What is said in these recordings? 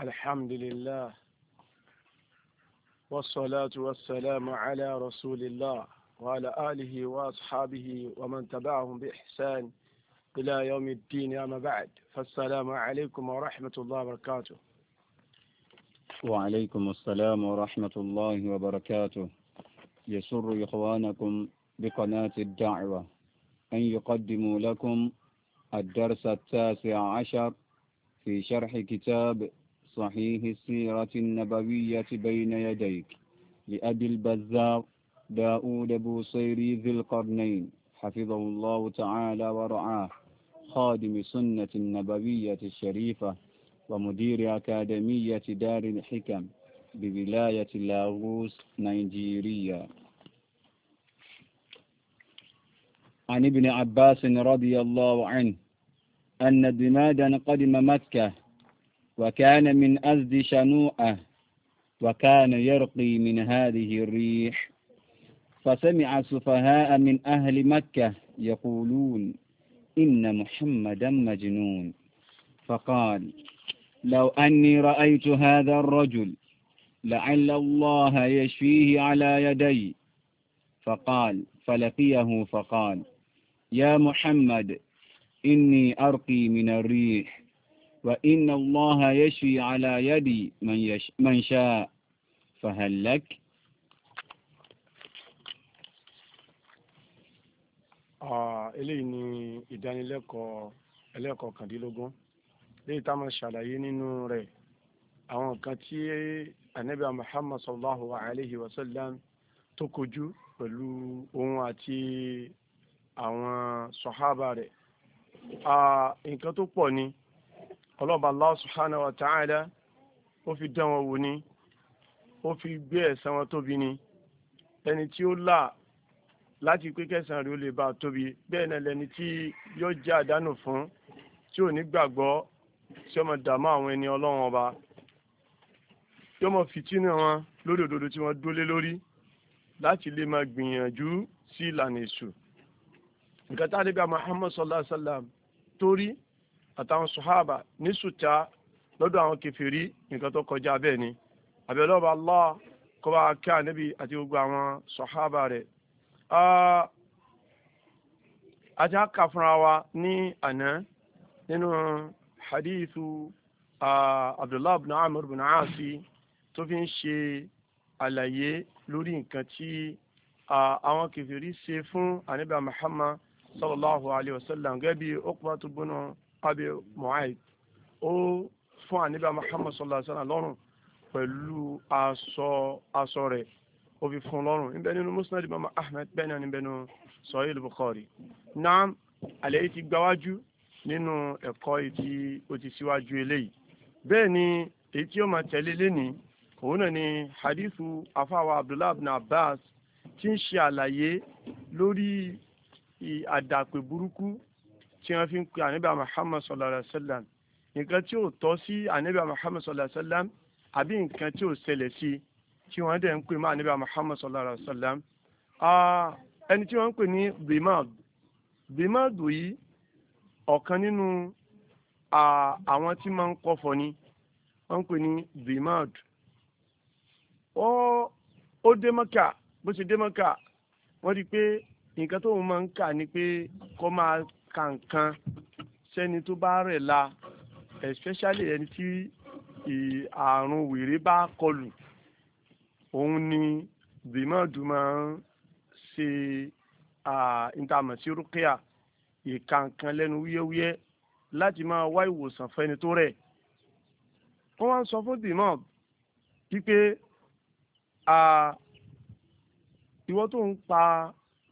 الحمد لله والصلاة والسلام على رسول الله وعلى آله وأصحابه ومن تبعهم بإحسان إلى يوم الدين أما بعد فالسلام عليكم ورحمة الله وبركاته وعليكم السلام ورحمة الله وبركاته يسر إخوانكم بقناة الدعوة أن يقدموا لكم الدرس التاسع عشر في شرح كتاب صحيح السيرة النبوية بين يديك لأبي البزار داود بوصيري ذي القرنين حفظه الله تعالى ورعاه خادم سنة النبوية الشريفة ومدير أكاديمية دار الحكم بولاية لاغوس نيجيريا عن ابن عباس رضي الله عنه أن دمادا قدم مكة وكان من أزد شنوءة وكان يرقي من هذه الريح فسمع سفهاء من أهل مكة يقولون إن محمدا مجنون فقال لو أني رأيت هذا الرجل لعل الله يشفيه على يدي فقال فلقيه فقال يا محمد إني أرقي من الريح وإن الله يشفي على يدي من, يش من شاء فهل لك eléyìí ni ìdánilẹ́kọ̀ọ́ ẹlẹ́kọ̀ọ́ kàndínlógún léyìí tá a máa ṣàlàyé nínú rẹ̀ àwọn nǹkan tí anabi muhammad sallallahu alayhi wa sallam tó kojú pẹ̀lú òun àti àwọn sọ̀hábà rẹ̀ nǹkan tó pọ̀ ni ọlọ́ba Allah subhanahu wa ta'ala ó fi dán wọn wò ni ó fi gbé ẹ̀san wọn tóbi ni ẹni tí ó là láti pé kẹsàn-án rẹ̀ ó lè bá a tóbi bẹ́ẹ̀ náà lẹni tí yóò jẹ́ àdánù fún tí ò ní gbàgbọ́ tí ó máa dààmú àwọn ẹni ọlọ́run ọba tí ó máa fìtínà wọn lórí òdodo tí wọ́n dólé lórí láti lè máa gbìyànjú sí ìlànà èṣù nǹkan tá a níbi Muhammad sallallahu alaihi wasallam torí àtàwọn sùhábà ní sùtá lọ́dọ̀ àwọn kẹfìrí nǹkan tó kọjá bẹ́ẹ̀ ni àbẹ̀lọ́ba Allah kó bá kí ànábì àti gbogbo àwọn sùhábà rẹ̀ àti àkà fúnra wa ní àná nínú hadithu Abdullah bin Amr bin Asi tó fi ń ṣe àlàyé lórí nǹkan tí àwọn kẹfìrí ṣe fún ànábì Muhammad sallallahu alayhi wa sallam gẹ́gẹ́ bí Uqbatu bunu Abi Mu'ayt ó fún àníbà Muhammad sallallahu alayhi wa sallam lọ́rùn pẹ̀lú aṣọ aṣọ rẹ̀ ó fi fún lọ́rùn níbẹ̀ nínú Musnad Imam Ahmed bẹ́ẹ̀ náà níbẹ̀ nínú Sahih Bukhari naam àlẹ́ yìí ti gbáwájú nínú ẹ̀kọ́ ìdí ó ti síwájú eléyìí bẹ́ẹ̀ ni èyí tí ó máa tẹ̀lé lẹ́ni òun náà ni hadithu afawa Abdullah ibn Abbas tí ń ṣe àlàyé lórí àdàpè burúkú tí wọ́n fi ń pe ànábì Muhammad sallallahu alaihi wa sallam nǹkan tí ò tọ́ sí ànábì Muhammad sallallahu alaihi wa sallam àbí nǹkan tí ò ṣẹlẹ̀ sí tí wọ́n dẹ̀ ń pè mọ́ ànábì Muhammad sallallahu alaihi wa sallam ẹni tí wọ́n ń pè ní bimad bimad yìí ọ̀kan nínú àwọn tí máa ń kọ́fọ̀ ni wọ́n ń pè ní bimad ó dé Mẹ́kà bó ṣe dé Mẹ́kà wọ́n rí pé nǹkan tó ń máa ń kà ni pé kó máa ka nǹkan sẹ́ni tó bá rẹ̀ la especially ẹni tí àrùn wèrè bá kọlù òun ni bímọ́ọ̀dù máa ń ṣe ìtàmọ̀ sí rúkìá ìka nǹkan lẹ́nu wúyẹ́wúyẹ́ láti máa wá ìwòsàn fẹ́ni tó rẹ̀ wọ́n wá ń sọ fún bímọ́ọ̀dù wípé ìwọ tó ń pa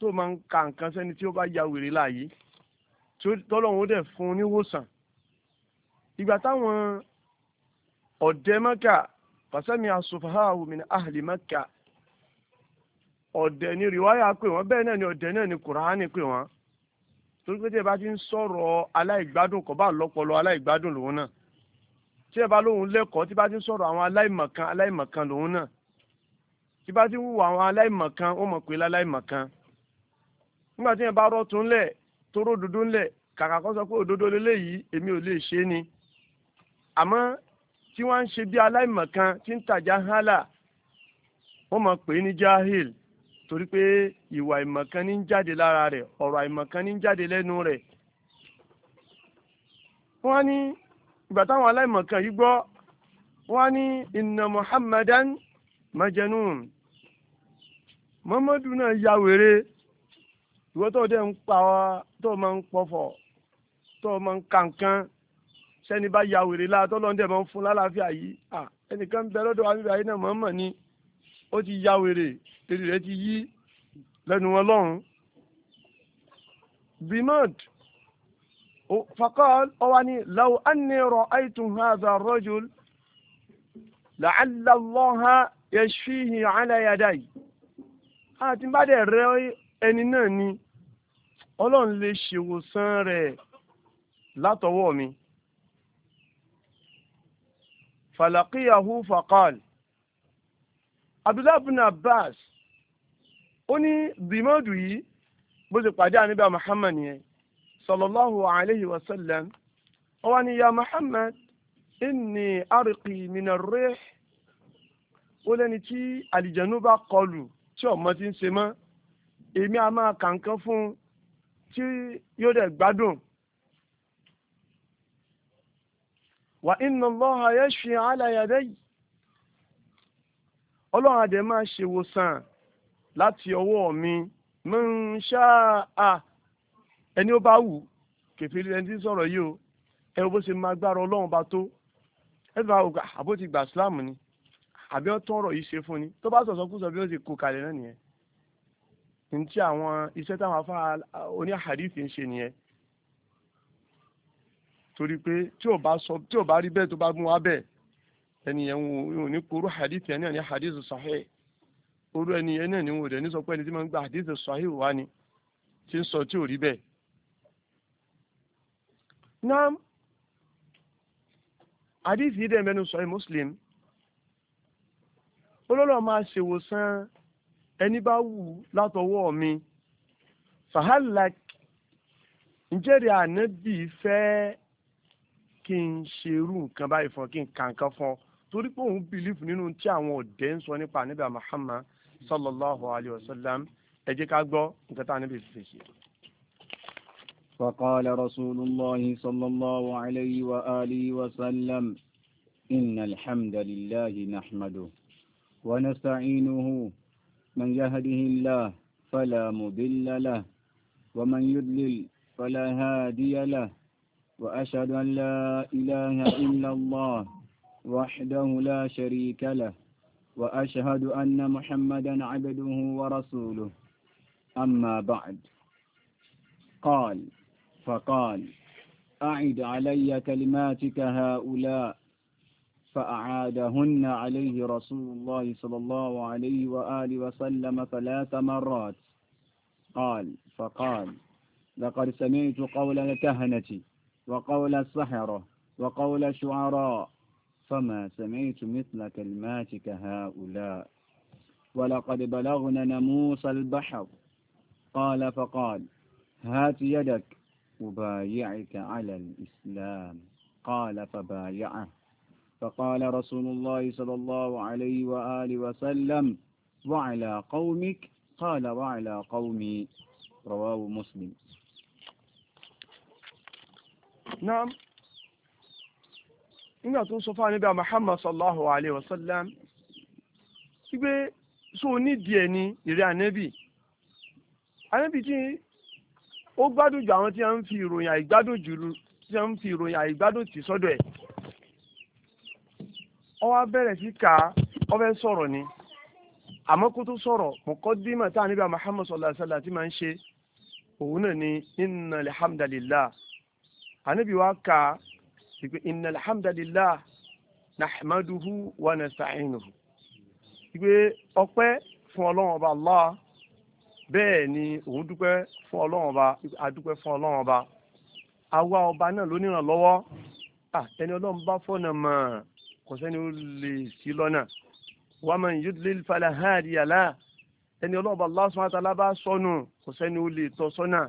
tó máa ń ka nǹkan sẹ́ni tí ó bá ya wèrè láàyè tọ́lọ́run ó dẹ̀ fún un níwòsàn ìgbà táwọn ọ̀dẹ́ mẹ́kà pàṣẹ́mi asòfàáhù min ahli mẹ́kà ọ̀dẹ́ ni rìwáyà pé wọ́n bẹ́ẹ̀ náà ni ọ̀dẹ́ náà ni kùránì pé wọ́n torí pé tí ẹ bá ti ń sọ̀rọ̀ aláìgbádùn kọ́ bá lọ́pọ̀lọ́ aláìgbádùn lòun náà tí ẹ bá lóun lẹ́kọ̀ọ́ tí bá ti ń sọ̀rọ̀ àwọn aláìmọ̀kan aláìmọ̀kan lòun náà tí bá ti ń wù àwọn aláìmọ̀kan ó mọ̀ pé láláìmọ̀kan nígbà tí yẹn bá rọ́ tún lẹ̀ tóró dúdú ńlẹ̀ kàkà kan sọ pé òdodo lélẹ́yìí èmi ò lè ṣe ni àmọ́ tí wọ́n ń ṣe bí aláìmọ̀kan tí ń tàjà hálà wọ́n mọ̀ pé ní jahil torí pé ìwà ìmọ̀kan ní ń jáde lára rẹ̀ ọ̀rọ̀ àìmọ̀kan ní ń jáde lẹ́nu rẹ̀ wọ́n ní ìgbà táwọn aláìmọ̀kan yìí gbọ́ wọ́n ní inna muhammadan majanun muhammadu náà ya ìwọ tó dẹ̀ ń pa ọ tó máa ń pọ̀fọ̀ tó máa ń kàǹkàn sẹ́ni bá ya wèrè la tó lọ́n dẹ̀ máa ń fún lálàáfíà yìí à ẹnìkan bẹ lọ́dọ̀ wa níbi ayé náà mọ̀ọ́mọ̀ ni ó ti ya wèrè èrè rẹ̀ ti yí lẹ́nu wọn lọ́hùn. bimad fakọ́l ọ wá ní law anni ra'aytum hadha rajul la'alla Allaha yashfihi ala yaday àti bá dẹ̀ rẹ́ ẹni náà ni ọlọ́run lè ṣèwòsàn rẹ̀ látọwọ́ mi. falaqiyahu faqal abdullahi bin abbas ó ní bimadu yìí bó ti pàdé àníbà muhammad yẹn sallallahu alayhi wa sallam ó wá ní ya muhammad inni arqi min ar ó lẹ́ni tí àlìjẹ̀nú bá kọlù tí ọmọ ti ń ṣe mọ́ èmi a máa kà nǹkan fún un tí yóò dẹ̀ gbádùn. wà inna Allaha yashfi ala yadayi ọlọ́run àdẹ̀ máa ṣèwòsàn láti ọwọ́ mi min sha'a ẹni ó bá wù kẹfìrí ẹni tí ń sọ̀rọ̀ yìí o ẹ bó ṣe máa gbára ọlọ́run bá tó ẹ bá ah, àbó ti gbà sílámù ni àbí ọ̀tún ọ̀rọ̀ yìí ṣe fún ni tó bá sọ̀sọ́ kú sọ bí ó ti kó kalẹ̀ náà nìyẹn ní tí àwọn iṣẹ́ táwọn afá oní àhàdíìsì ń ṣe nìyẹn torí pé tí ò bá sọ tí ò bá rí bẹ́ẹ̀ tó bá mú wa bẹ́ẹ̀ ẹnìyẹn ò ní kúrú àhàdíìsì ẹni àní àhàdíìsì sàhẹ́ orú ẹnìyẹn náà ni wọn ò dẹ̀ ní sọ pé ẹni tí máa ń gba àhàdíìsì sàhẹ́ wá ni tí ń sọ tí ò rí bẹ́ẹ̀. náà àdíìsì dẹ̀ mẹ́nu sọ ẹ́ olólùwà máa ṣèwòsàn ẹni bá wù látọwọ́ mi fahalak ǹjẹ́rìí ànábì fẹ́ kí n ṣerú nǹkan báyìí fún ọ kí n kà nǹkan fún ọ torí pé òun bìlífù nínú tí àwọn ọ̀dẹ́ ń sọ nípa ànábì Muhammad sallallahu alayhi wa sallam ẹ jẹ́ ká gbọ́ nǹkan tá ànábì fi ṣe. فقال رسول الله صلى الله عليه وآله وسلم إن الحمد لله نحمده ونستعينه من يهده الله فلا مضل له ومن يضلل فلا هادي له وأشهد أن لا إله إلا الله وحده لا شريك له وأشهد أن محمدا عبده ورسوله أما بعد قال فقال أعد علي كلماتك هؤلاء فأعادهن عليه رسول الله صلى الله عليه وآله وسلم ثلاث مرات قال فقال لقد سمعت قول الكهنة وقول السحرة وقول الشعراء فما سمعت مثل كلماتك هؤلاء ولقد بلغنا ناموس البحر قال فقال هات يدك أبايعك على الإسلام قال فبايعه فقال رسول الله صلى الله عليه وآله وسلم وعلى قومك قال وعلى قومي رواه مسلم نعم nígbà tó sọ fáwọn nígbà Muhammad sallallahu alayhi wa sallam wípé so nídìí ẹ ní ìrẹ ànẹ́bì ànẹ́bì tí ó gbádùn ju àwọn tí wọ́n ń fi ìròyìn àìgbádùn jù tí wọ́n ń fi ìròyìn àìgbádùn tì sọ́dọ̀ ẹ̀ ó wá bẹ̀rẹ̀ sí ká ó fẹ́ ni àmọ́ kó tó sọ̀rọ̀ mọ̀kọ́dímọ̀ tá níbi Muhammad sallallahu alaihi wasallam máa ń ṣe òun náà ni inna alhamdulillah ànábì wa ka ìpè inna alhamdulillah nahmaduhu wa nasta'inuhu ìpè ọpẹ́ fún ọlọ́run ọba Allah bẹ́ẹ̀ ni òun dúpẹ́ fún ọlọ́run ọba adúpẹ́ fún ọlọ́run ọba àwa ọba náà ló níràn lọ́wọ́ ẹni ọlọ́run bá fọ́nà mọ́ ọ kò sẹ́ni ó lè sí lọ́nà wa man yudlil fala hadiya lah ẹni ọlọ́ọ̀bà Allah subhanahu wa ta'ala bá sọnù kò sẹ́ni ó lè tọ́ sọ́nà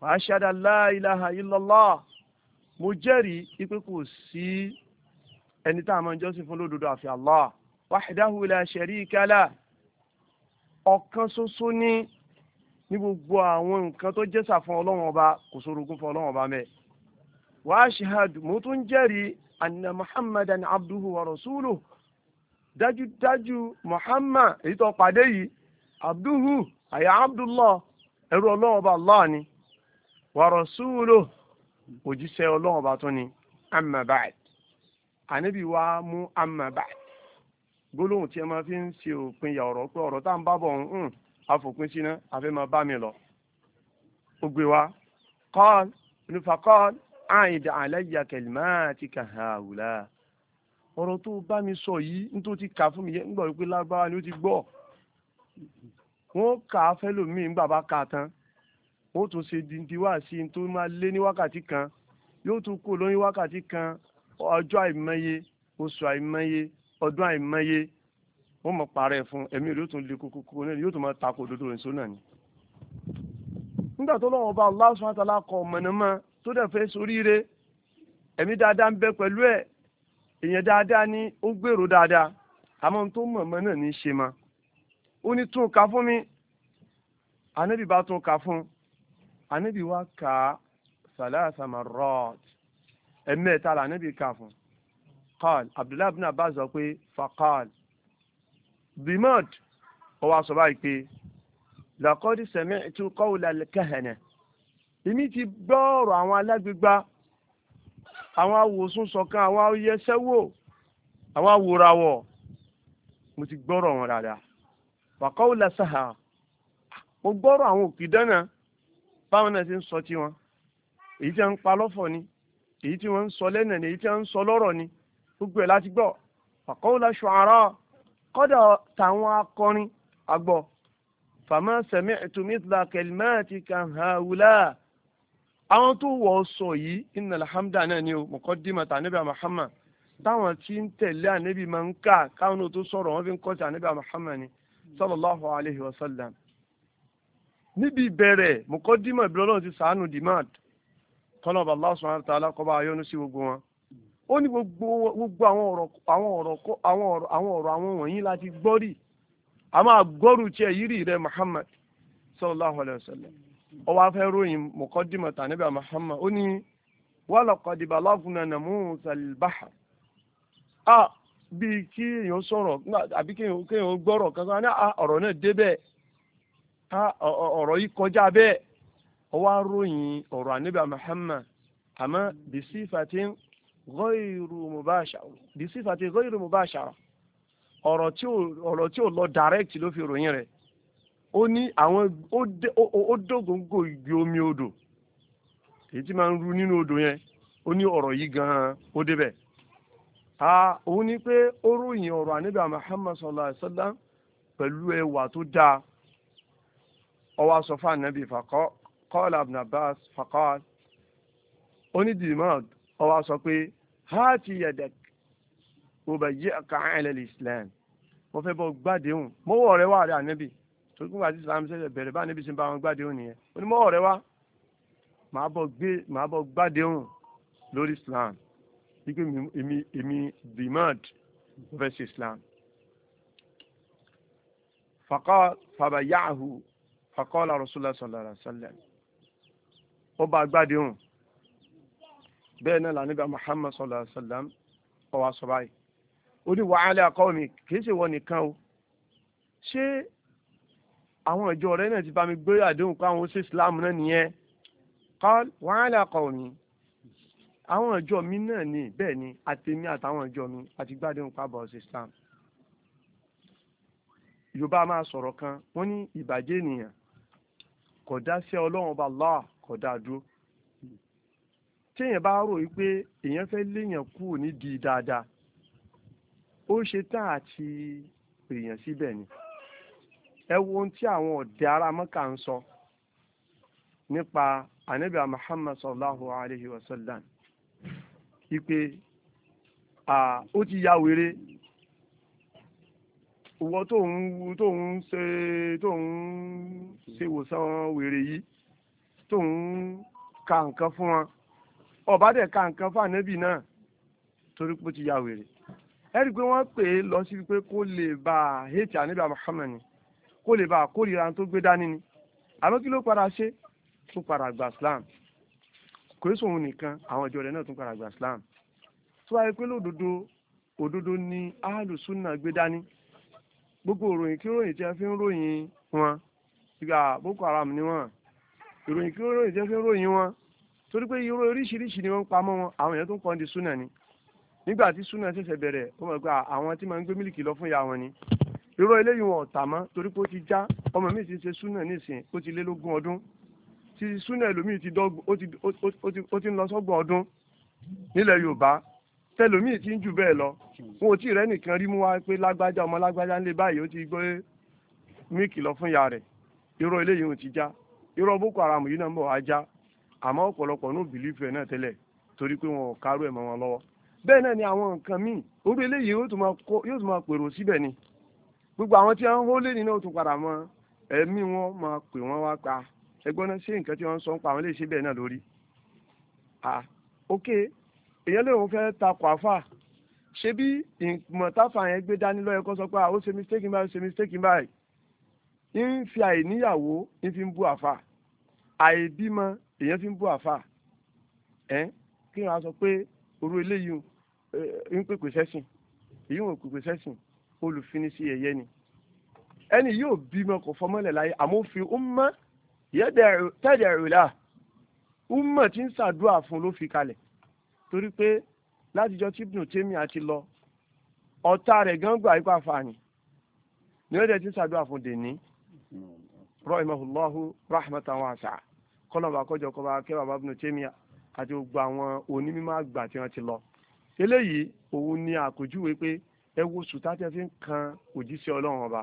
wa ashhadu an la ilaha illallah mo jẹ́rìí ipe kò sí ẹni tá a máa jọ́sìn fún lódodo àfi Allah wahdahu la sharika lah ọ̀kan ṣoṣo ní ní gbogbo àwọn nǹkan tó jẹ́sà fún ọlọ́run ọba kò sórogún fún ọlọ́run ọba mẹ́ wàá ṣe hàdù mo tún jẹ́rìí anna muhammadan abduhu wa rasuluhu dájúdájú muhammad èyí tó pàdé yìí abduhu àyà abdullah ẹrú ọlọ́run ọba allah ni wa rasuluhu òjíṣẹ́ ọlọ́run ọba tó ni amma ba'd ànábì wa mú amma ba'd gbólóhùn tí ẹ máa fi ń ṣe òpin yà ọ̀rọ̀ pé ọ̀rọ̀ tá à ń bá bọ̀ ń afòpin síná àfẹ́ máa bá mi lọ. ó gbé wa qal nífa qal àìdá àlàyé kẹlìmá àti ọ̀rọ̀ tó bá mi sọ yìí ti kà fún mi yẹn nígbà wípé ni ó ti gbọ́ wọ́n kà á mi nígbà bá kà á tán wọ́n tún ṣe dìndín sí i tó máa lé ní wákàtí kan yóò tún kó lóyún wákàtí kan ọjọ́ àìmọye oṣù àìmọye ọdún àìmọye wọ́n mọ̀ parẹ́ fún ẹ̀mí rẹ̀ yóò tún tó dẹ̀ fẹ́ soríire ẹ̀mí dáadáa ń bẹ pẹ̀lú ẹ̀ èèyàn dáadáa ni ó gbèrò dáadáa àmọ́ ohun tó mọ̀ọ́mọ́ náà ní í ṣe ma ó ní tún ka fún mi ànábì bá tún ka fún ànábì wá ka salasa marrat ẹ̀mẹ́ta là ànábì ka fún qal abdullahi ibn abbas sọ pé faqal bimod ó wá báyìí pé laqad sami'tu qawla al èmi ti gbọ́ ọ̀rọ̀ àwọn alágbègbà àwọn awòsùn sọ̀kan àwọn ayẹsẹ́wò àwọn awòràwọ̀ mo ti gbọ́rọ̀ wọn dáadáa wàkọ́wò lásàá mo gbọ́rọ̀ àwọn òkìdánà báwọn náà ti ń sọ tí wọn èyí tí wọn ń pa lọ́fọ̀ ni èyí tí wọn ń sọ lẹ́nà ni èyí tí wọn ń sọ lọ́rọ̀ ni gbogbo ẹ̀ láti gbọ́ wàkọ́wò lásù àárọ̀ kọ́dà táwọn akọrin àgbọ̀ fàmà sami'tu mithla kalimati kan hàwùlà. àwọn tó wọ̀ ọ́ sọ yìí iná alhamdu náà ni o mọ̀kọ́ dìímọ̀ tà níbi Muhammad táwọn tí ń tẹ̀lé ànábì máa ń kà káwọn náà tó sọ̀rọ̀ wọn fi ń kọ́ sí Muhammad ni sallallahu alayhi wa sallam. níbi ìbẹ̀rẹ̀ mọ̀kọ́ dìímọ̀ ìbílẹ̀ ọlọ́run ti sàánù dimad tọ́lọ́ba Allah subhanahu wa ta'ala sí gbogbo wọn. ó ní gbogbo àwọn ọ̀rọ̀ àwọn wọ̀nyí láti gbọ́rì àmọ́ tiẹ̀ Muhammad sallallahu alayhi wa sallam. ó wá fẹ́ ròyìn mọ̀kọ́dìmọ̀ tànẹ́bà Muhammad ó ní wàlọ́kọ̀dì balọ́gùnà nà Musa al-bahr a bíi kí èèyàn sọ̀rọ̀ àbí kí èèyàn gbọ́rọ̀ kankan ní ọ̀rọ̀ náà débẹ̀ ọ̀rọ̀ yìí kọjá bẹ́ẹ̀ ó wá ròyìn ọ̀rọ̀ ànẹ́bà Muhammad àmọ́ bisifati ghayru mubashara bisifati ghayru mubashara ọ̀rọ̀ tí ò lọ direct ló fi ròyìn rẹ̀ ó ní àwọn ó dógóńgò ibi omi odò èyí tí máa ń ru nínú odò yẹn ó ní ọ̀rọ̀ yìí gan-an ó débẹ̀ òun ni pé ó ròyìn ọ̀rọ̀ àníbà Muhammad sallallahu alaihi wasallam pẹ̀lú ẹwà tó dáa ọwọ́ aṣọ fún ànábì fàkọ́ kọ́ọ̀lù Ibn Abbas fàkọ́ onídìímọ̀ ọwọ́ aṣọ pé háàtì yadak òbẹ̀yẹ Islam mo fẹ́ bọ́ gbàdéhùn mọ́wọ́ rẹ wà rẹ ànábì torí kúngbà tí islam ṣẹ̀ṣẹ̀ bẹ̀rẹ̀ báyìí níbi tí ń bá wọn gbádéhùn nìyẹn onímọ̀ ọ̀rẹ́ wa màá bọ̀ gbé màá bọ̀ gbádéhùn lórí islam wípé èmi èmi dimad mo fẹ́ ṣe islam. faqala fabayahu faqala rasulullah sallallahu alaihi wasallam ó bá gbádéhùn bẹ́ẹ̀ náà lànàbà muhammad sallallahu alaihi wasallam àṣọ báyìí ó ní wa ala qawmik kì í ṣe wọ nìkan o ṣé àwọn ìjọ rẹ náà ti bá mi gbé àdéhùn pé àwọn ó ṣe islam náà nìyẹn kọ́l wọ́n á làkọ̀ mi àwọn ìjọ mi náà ni bẹ́ẹ̀ ni àtèmi àtàwọn ìjọ mi àti gbàdéhùn pàbọ̀ ṣe islam yorùbá máa sọ̀rọ̀ kan wọ́n ní ìbàjẹ́ ènìyàn kò dá sí ọlọ́run bá lọ́à kò dá dúró téèyàn bá rò yí pé èèyàn fẹ́ léèyàn kúrò nídìí dáadáa ó ṣe tán àti èèyàn síbẹ̀ ni ẹ wo ohun tí àwọn ọ̀dẹ̀ ará mọ́kà ń sọ nípa anabi muhammad sallallahu alayhi wa sallam ipe ó ti ya wèrè ìwọ tó ń tó ń ṣe tó ń ṣe ìwòsàn wèrè yìí tó ń ka nǹkan fún wọn ọba dẹ̀ ka nǹkan fún anabi náà torí pé ó ti ya wèrè ẹ rí i pé wọ́n pè é lọ sí pé kó lè bá a hẹ́tì muhammad ni kó lè bá àkórìíra tó gbé dání ni àmọ́ kí ló padà ṣe tó padà gba Islam kò é sòun nìkan àwọn ìjọ rẹ̀ náà tún padà gba Islam tó wáyé pé lódodo òdodo ni alùsùnà gbé dání gbogbo ìròyìn kí ròyìn tí a fi ń ròyìn wọn ìgbà Boko Haram ni wọn ìròyìn kí ròyìn tí a fi ń ròyìn wọn torí pé irú oríṣiríṣi ni wọ́n ń pamọ́ wọn àwọn èèyàn tó ń kọ́ di súnà ni nígbà tí súnà ṣẹ̀ṣẹ̀ bẹ̀rẹ̀ ó mọ̀ pé àwọn tí máa ń gbé mílìkì lọ fún ìyá wọn ni irọ́ eléyìí wọn ọ̀tà mọ́ torí pé ó ti já ọmọ mi ti ṣe súnà nísìn ó ti lé lógún ọdún ti súnà ẹlòmíì ti dọ́gb ó ti ń lọ sọ́gbọ̀n ọdún nílẹ̀ Yorùbá tẹlòmíì ti ń jù bẹ́ẹ̀ lọ wọn ò tí ì rẹ́nìkan rí mú wá pé lágbájá ọmọ lágbájá ńlẹ̀ báyìí ó ti gbé míìkì lọ fún ìyá rẹ̀ irọ́ eléyìí wọn ti já irọ́ Boko Haram yìí náà ń bọ̀ wá já àmọ́ ọ̀pọ̀lọpọ̀ ní bìlífù náà tẹ́lẹ̀ torí pé wọn ò kárò ẹ̀ mọ́ wọn lọ́wọ́ bẹ́ẹ̀ náà ni àwọn nǹkan míì orí eléyìí yóò tún máa pèrò síbẹ̀ ni gbogbo àwọn tí wọ́n ń hólé nínú òtún padà mọ́ ẹ̀mí wọn máa pè wọ́n wá pa ẹgbọ́n náà ṣé nǹkan tí wọ́n ń sọ ń pa àwọn iléeṣẹ́ bẹ́ẹ̀ náà lórí. ok èèyàn lè wọ́n fẹ́ takọ̀ àfà ṣé bí ìmọ̀tàfà yẹn gbé dání lọ́yẹ kó sọ pé ó ṣe mistake báyìí ó ṣe mistake báyìí ń fi àìníyàwó ń fi ń bú àfà àìbímọ èèyàn fi ń bú àfà ẹ kí wọn sọ pé orú eléyìí ń pèpè sẹ́sìn èyí wọn pèpè sẹ́sìn olùfinisí yẹ̀yẹ́ ni ẹni yóò bímọ kò fọmọlẹ̀ láyé àmófin umma tẹ́dẹ̀rù là umma ti ń ṣàdúrà fún ló fi kalẹ̀ torí pé látijọ́ tí Ibn Taymiyyah àti lọ ọ̀tá rẹ̀ gángbà ikú àfààní ni ó dẹ̀ ń ṣàdúrà fún dèní rahimahullahu rahmatan wasi'a kọ́nà bá kọjọ kọ́ bá kẹ́ bàbá Ibn Taymiyyah àti gbogbo àwọn onímọ̀ àgbà tí wọ́n ti lọ eléyìí òun ni àkójúwe pé ẹ wo sùtá tẹ fi ń kan òjíṣẹ́ ọlọ́run ọba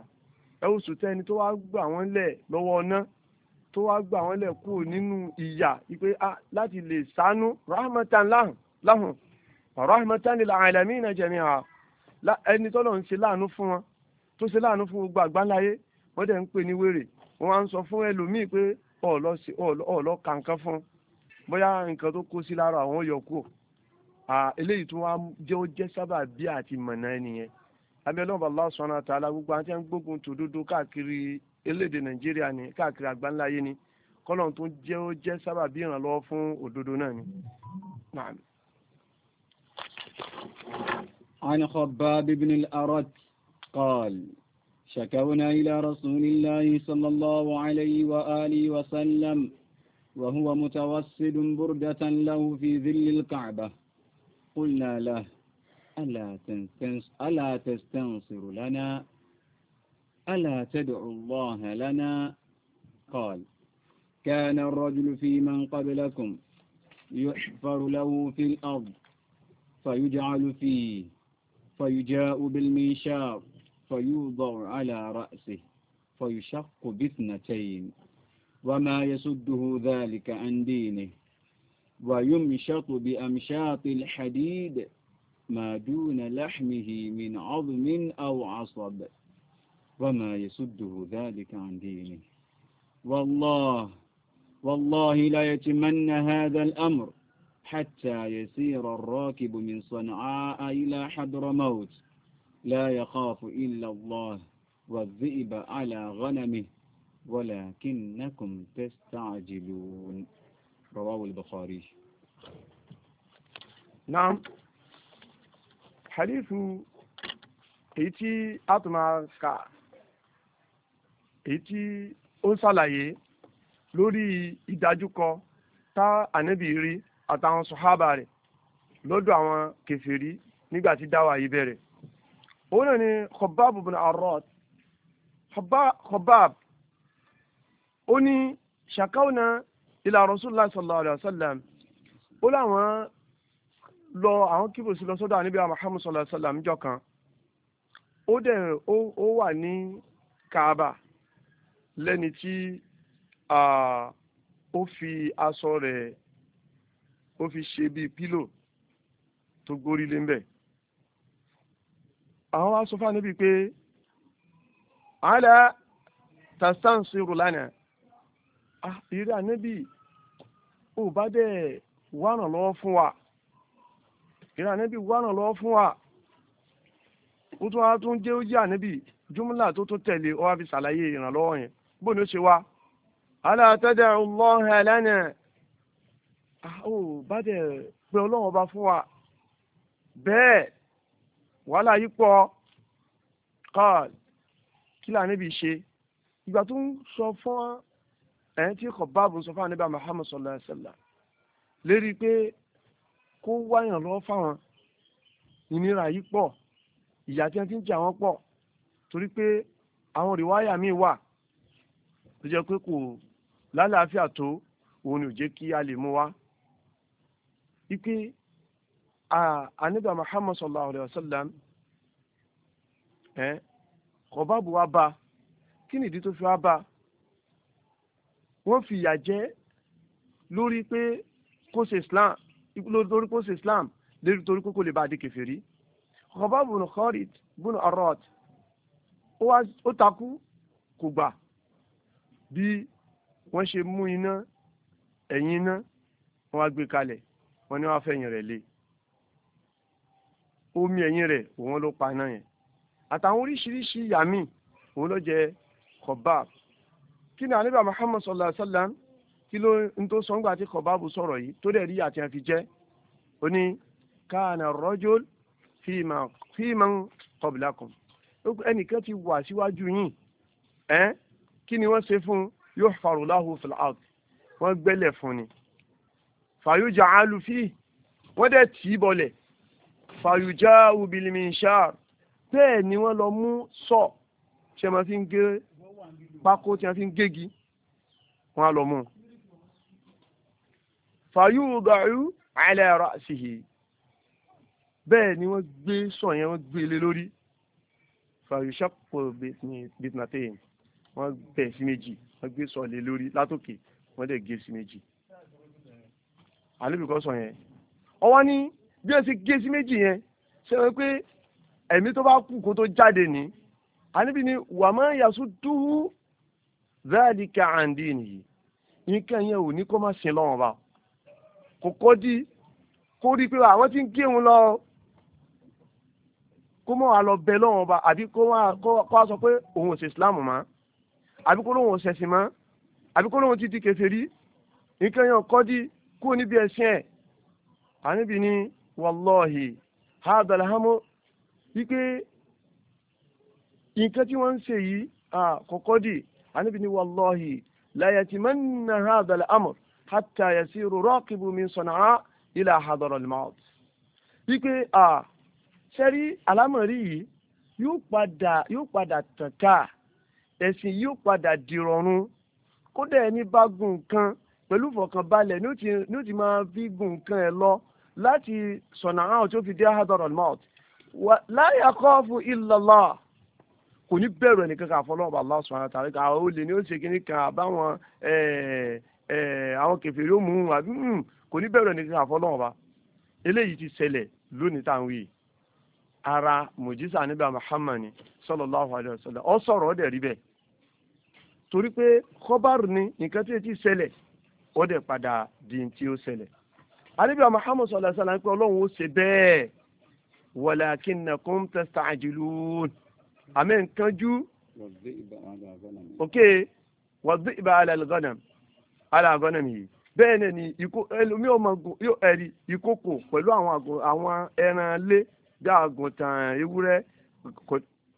ẹ wo sùtá ẹni tó wá gbà wọ́n lẹ̀ lọ́wọ́ ọ̀nà tó wá gbà wọ́n lẹ̀ kúrò nínú ìyà ipe láti lè sánú rahmatan lahun lahun rahmatan lil alamina jami'a ẹni tọ́lọ̀ ń ṣe láàánú fún wọn tó ṣe láàánú fún gbogbo àgbáláyé wọ́n dẹ̀ ń pè ní wèrè wọ́n á ń sọ fún ẹlòmíì pé ọ̀ọ́lọ́ kankan fún bóyá nǹkan tó kó sí lára àwọn yọ eléyìí tó wá jẹ́ ó jẹ́ sábà bí àti mọ̀nà ẹnìyẹn abẹ́lọ́ba Allah subhanahu wa gbogbo àti gbógun tòdodo káàkiri elédè nàìjíríà ni káàkiri àgbáńlá yé ni kọ́lọ́n tó jẹ́ ó jẹ́ sábà bí ìrànlọ́wọ́ fún òdodo náà ni. عن خباب بن الأرت قال شكونا إلى رسول الله صلى الله عليه وآله وسلم وهو متوسد بردة له في ذل الكعبة قلنا له ألا, ألا تستنصر لنا ألا تدعو الله لنا قال كان الرجل في من قبلكم يحفر له في الأرض فيجعل فيه فيجاء بالمنشار فيوضع على رأسه فيشق باثنتين وما يسده ذلك عن دينه ويمشط بأمشاط الحديد ما دون لحمه من عظم أو عصب وما يسده ذلك عن دينه والله والله لا يتمنى هذا الأمر حتى يسير الراكب من صنعاء إلى موت لا يخاف إلا الله والذئب على غنمه ولكنكم تستعجلون رواه البخاري نعم حديث ايتي اتما كا ايتي ó ṣàlàyé lórí ìdájúkọ tá ànábì rí àtàwọn sọ̀hábà rẹ̀ lọ́dọ̀ àwọn kẹfìrí nígbà tí dáwà yìí bẹ̀rẹ̀. òun náà ni Khabbab ibn Arad Khabbab ó ní ṣàkáwọnà ila rasulullah sallallahu alayhi wa sallam ó láwọn lọ àwọn kíbrìsì lọ sọ́dọ̀ àníbíyà muhammad sallallahu alayhi wa sallam jọ kan ó dẹ̀ ó wà ní kaaba lẹ́ni tí ó fi aṣọ rẹ̀ ó fi ṣe bíi pílò tó gorí lé mbẹ̀ àwọn wa sọ fún àníbí pé àlà tastansiru lánàá ah, ìrírí àníbí ò bá dẹ̀ wá ràn lọ́wọ́ fún wa ìran níbi wá ràn lọ́wọ́ fún wa ó tún wá tún jẹ́ ó jẹ́ àníbì júmùlà tó tún tẹ̀lé ọ wá fi ṣàlàyé ìrànlọ́wọ́ yẹn bó ni ó ṣe wá. ala tad'u Allaha ó bá dẹ̀ pé ọlọ́run ọba fún wa bẹ́ẹ̀ wàhálà yìí pọ̀ kọ́ọ̀l kí là níbi ṣe ìgbà tó ń sọ fún ẹ̀yìn tí kò báàbù sọ fún àníbà Muhammad sallallahu alaihi wasallam lérí pé kó wáyàn lọ́wọ́ fáwọn ìnira yìí pọ̀ ìyà tí wọ́n ti ń jẹ àwọn pọ̀ torí pé àwọn rìwáyà míì wà tó jẹ́ pé kò lálàáfíà tó òun ni ò jẹ́ kí a lè mú wa ipe àníbà Muhammad sallallahu alaihi wasallam ẹ̀ kò báàbù wa bá kí nìdí tó fi wá bá wọ́n fìyà jẹ lórí pé kó ṣe islam lórí kó ṣe islam lórí torí kókó lè bá a di kèfèrí Khobab bùnú Khalid bùnú Arad ó takú kò gbà bí wọ́n ṣe mú iná ẹ̀yìn iná wọ́n á gbé kalẹ̀ wọ́n ní wọ́n á fẹ̀yìn rẹ̀ lé omi ẹ̀yìn rẹ̀ òun ló pa iná yẹn àtàwọn oríṣiríṣi ìyàmí òun ló jẹ Khobab kí ni àníbà Muhammad sallallahu alaihi wasallam kí ló ń tó sọ ńgbà tí kọ̀báàbù sọ̀rọ̀ yìí tó dẹ̀ rí àti àfi jẹ́ ó ní káànà rajul fíìmàn qablakum ẹnìkan ti wà síwájú yìí ẹ́ kí ni wọ́n ṣe fún yuhfaru lahu fil ard wọ́n gbẹ́lẹ̀ fún ni fàyújà alùfí wọ́n dẹ̀ tì í bọlẹ̀ fàyújà bil minshar bẹ́ẹ̀ ni wọ́n lọ mú sọ ṣe máa fi ń gé pákó tí wọ́n fi ń gégi wọ́n á lọ mú un. fàyú dàrú àìlẹ̀ ẹ̀rọ àṣìhì bẹ́ẹ̀ ni wọ́n gbé sọ yẹn wọ́n gbé lé lórí fàyú ṣàpò bìtìnàtẹ́yìn wọ́n bẹ̀ sí méjì wọ́n gbé sọ lé lórí látòkè wọ́n dẹ̀ gé sí méjì àlébìkọ́ sọ yẹn ọwọ́ ní bí ó ṣe gé sí méjì yẹn ṣe wọ́n pé ẹ̀mí tó bá kù kó tó jáde ní àníbi ni wàmọ́ yasudduhu zalika an dinihi nǹkan yẹn ò ní kó má sin lọ́wọ́ bá kò kọ́ di kó rí i pé àwọn ti ń kírun lọ kó mọ̀ wá lọ bẹ lọ́wọ́ bá àbí kó wá sọ pé òun ò ṣe islam mọ́ àbí kó lóun ò ṣẹ̀sìn mọ́ àbí kó lóun ti di kèfèrí nǹkan yẹn kọ́ di kó níbi ẹ̀sìn ẹ̀ àníbi ni wallahi hadha wípé nǹkan tí wọ́n ń ṣe yìí di. anabi ni wallahi la yatimanna hadha al-amr hatta yasiru raqibu min sana'a ila hadara al-maut. wípé a sẹ́rí alámọ̀rí yìí yóò padà yóò padà tàn ká ẹ̀sìn yóò padà dìrọ̀rùn kódà ẹni bá gùn kan pẹ̀lú fọkànbalẹ̀ ní ó ti ní ó máa fi gùn kan ẹ̀ lọ láti sana'a tó fi dé hadara al-maut. la yakhafu illa kò ní bẹ̀rù ẹnìkan kan àfọlọ́ọ̀bà Allah subhanahu wa ta'ala ká ó lè ní ó ṣe kíní kan àbáwọn àwọn kèfèrí ó mú un àbí hmm, kò ní bẹ̀rù ẹnìkan kan àfọlọ́ọ̀bà eléyìí ti ṣẹlẹ̀ lónìí tá à ń wí ara mùjísà níbà Muhammad sallallahu alayhi wa sallam ọ sọ̀rọ̀ ọ̀dẹ̀ rí bẹ́ẹ̀ torí pé kọ́bárù ni nǹkan tí ó ti ṣẹlẹ̀ ọ̀dẹ̀ padà di tí ó ṣẹlẹ̀ àníbà Muhammad sallallahu alayhi wa sallam pé ọlọ́run ó ṣe bẹ́ẹ̀ walakinnakum tasta'jilun àmì nkánjú òkè wàdí ìbá alàlùgọ́nà alàgọ́nà yìí bẹ́ẹ̀ náà ni ẹlòmí yóò ẹ̀rí ìkókò pẹ̀lú àwọn ẹran lé bí àgùntàn ewúrẹ́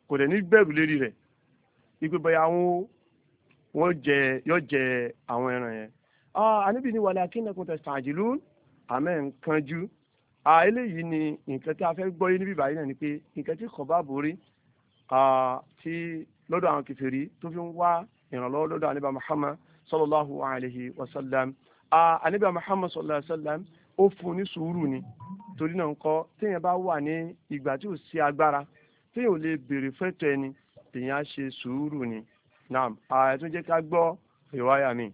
kò dẹ̀ ní bẹ̀rù lérí rẹ̀ ìpè bẹ̀rẹ̀ àwọn wọn jẹ yọ jẹ àwọn ẹran yẹn. àníbi ni wàlẹ́ akínnẹ́kùn tẹ̀ sàjìlú àmẹ́ nkánjú eléyìí ni nǹkan tí a fẹ́ gbọ́ yé níbí báyìí náà ni pé nǹkan tí kò bá borí tí lọ́dọ̀ àwọn kèfèrí tó fi ń wá ìrànlọ́wọ́ lọ́dọ̀ àníbà Muhammad sallallahu alayhi wa sallam àníbà Muhammad sallallahu alayhi wa sallam ó fún ní sùúrù ni torí náà ńkọ́ téèyàn bá wà ní ìgbà tí ò sí agbára téèyàn ò lè béèrè fẹ́tọ̀ ẹni èèyàn á ṣe sùúrù ni naam ààrẹ tó jẹ́ ká gbọ́ ìwáyà mi.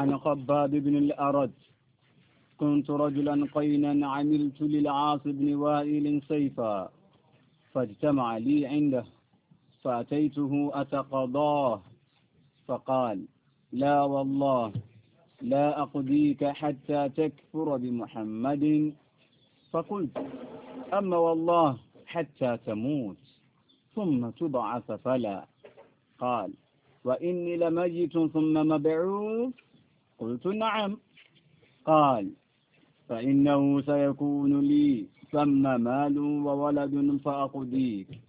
عن خباب بن الأرد كنت رجلا قينا عملت للعاص بن وائل سيفا فاجتمع لي عنده فأتيته أتقضاه فقال لا والله لا أقضيك حتى تكفر بمحمد فقلت أما والله حتى تموت ثم تبعث فلا قال وإني لميت ثم مبعوث قلت نعم قال فإنه سيكون لي ثم مال وولد فأقضيك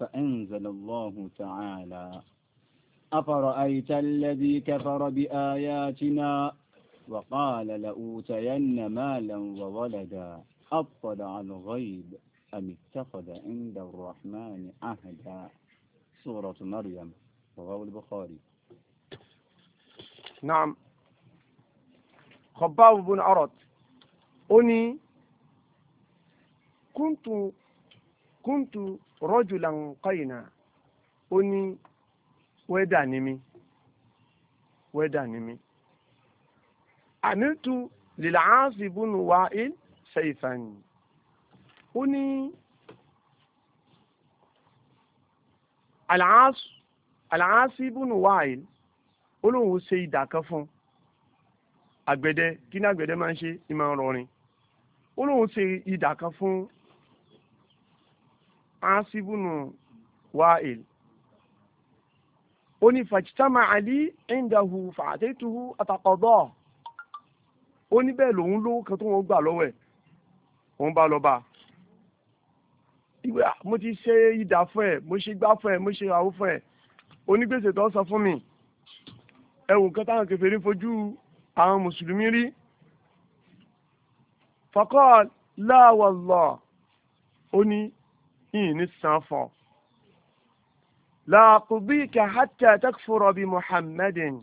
فأنزل الله تعالى أفرأيت الذي كفر بآياتنا وقال لأوتين مالا وولدا أطلع الغيب أم اتخذ عند الرحمن عهدا سورة مريم رواه البخاري نعم خباب بن عرط أني kúntù kúntù rajulan qaina ó ní wẹ́dà ni mí wẹ́dà ni mí àmìtú lìlàásì búnú wa il sayfan ó ní àlàásì búnú wa il olóhùn ṣe ìdà kan fún àgbẹ̀dẹ kí ní àgbẹ̀dẹ máa ń ṣe ìmọ̀ ọ̀rọ̀ rìn olóhùn ṣe ìdà asibunu wa'il ó ní fàjítàmà àlí ìndàhù fàtẹ́tùhù àtàkọ̀dọ̀ ó ní bẹ́ẹ̀ lòun ló kan tó wọn gbà lọ́wọ́ ẹ̀ òun bá lọ bá ìwé mo ti ṣe ìdá fún ẹ mo ṣe gbá fún ẹ mo ṣe àwọ fún ẹ onígbèsè tó sọ fún mi ẹwù kan táwọn kèfèrí fojú àwọn mùsùlùmí rí faqal la wallah ó yìí ní san fún ọ. làkùbíkà hàtà takfurọ bíi muhammadin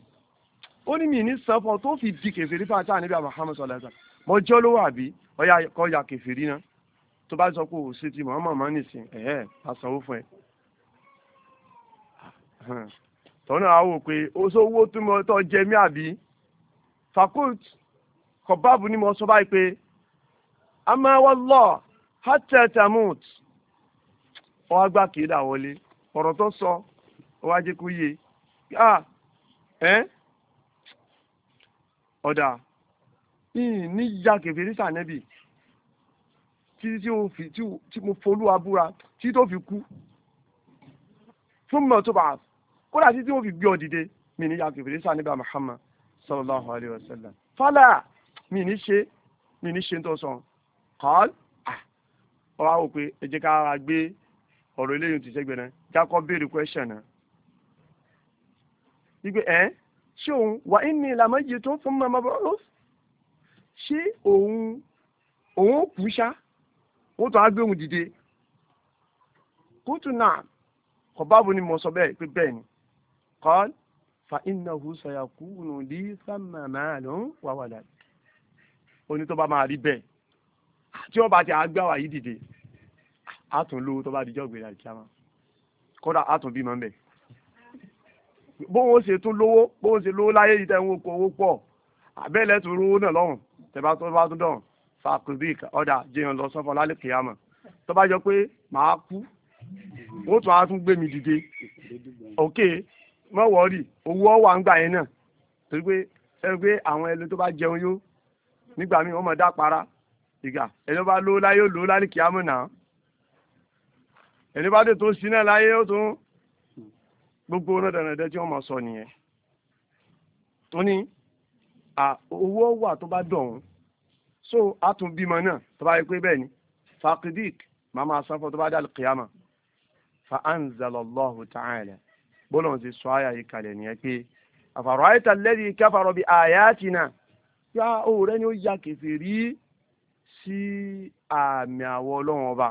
ó ní mi ní san fún ọ tó fi di kẹfìrí fún àtàwọn níbi àmàhàmà sọlá ẹsẹ mọ jọ lówó àbí ọyà kọ ya kẹfìrí náà tó bá sọ pé ò sí ti mọ̀ọ́mọ̀ mọ́ nìsín ẹ̀ẹ́ àsanwó fún ẹ. tọ́nà àwò pé oṣòwò tó mọ tó jẹ mí àbí fakult kọ̀báàbù ni mo sọ báyìí pé amáwá lọ hàtà wọ́n wá gbà kéèdà wọlé ọ̀rọ̀ tó sọ ó wá jẹ́ kó yé ah ẹ́ ọ̀dà yìí níyà kẹfìrí sànẹ́bì títí tí mo fi tí mo folúwa búra títí tó fi kú fún mọ̀ tó bá kódà títí tí mo fi gbé ọ dìde mi níyà kẹfìrí sànẹ́bì Muhammad sallallahu alayhi wa sallam fálà mi ní ṣe mi ní ṣe tó sọ kọ́ọ́lù ọ̀rọ̀ àwọn òpè ẹ̀jẹ̀ ká gbé ọ̀rọ̀ eléyìí ti ṣẹ́gbẹ̀ náà jákọ́ béèrè question náà. wípé ẹ ṣé òun wà ní ìlànà yìí tó fún mama bọ́ọ̀lù ṣé òun òun ò kú ṣá wọ́n tó á gbé òun dìde kóòtù náà kọ̀báàbù ni mo sọ bẹ́ẹ̀ pé bẹ́ẹ̀ ni qal fa innahu sayakunu li thamma malun wa walad onítọ́ bá máa rí bẹ́ẹ̀ tí wọ́n bá ti àgbà wà dìde àtún lówó tó bá dijọ́ gbèrè àìkíyàmá kódà àtún bímọ ńbẹ bóun ṣe tún lówó bóun ṣe lówó láyé yìí tẹ̀wọ́n kó owó pọ̀ àbẹ́lẹ̀ tún rówó náà lọ́rùn tẹ̀bá tó bá tún dọ̀rùn fakudik ọ̀dà jẹun lọ sọ́fọ́ lálẹ́ kìyàmọ̀ tó bá jọ pé màá kú ó tún á tún gbé mi dìde ok mọ̀ wọ́ọ̀rì owó ọ̀wà ń gbà yẹn náà torí pé ẹni pé àwọn ẹni tó bá jẹun yó nígbà míì wọ́n mọ̀ dá para ìgbà ẹni ẹni bá dé tó sí náà láyé ó tún gbogbo ọ̀nà dandan tí wọ́n máa sọ nìyẹn tó ní owó wà tó bá dọ̀hún so a tún bímọ náà tó bá yẹ pé bẹ́ẹ̀ ni fakidik máa máa sanfọ tó bá dá alqiyama fa anzalallahu ta'ala bọ́lọ̀ ti sọ àyà yìí kalẹ̀ nìyẹn pé àfàrọ̀ àyíta lẹ́yìn káfàrọ̀ bíi àyàtìnà yá òwúrẹ́ ni ó ya kèfèrí sí àmì àwọ̀ ọlọ́run ọba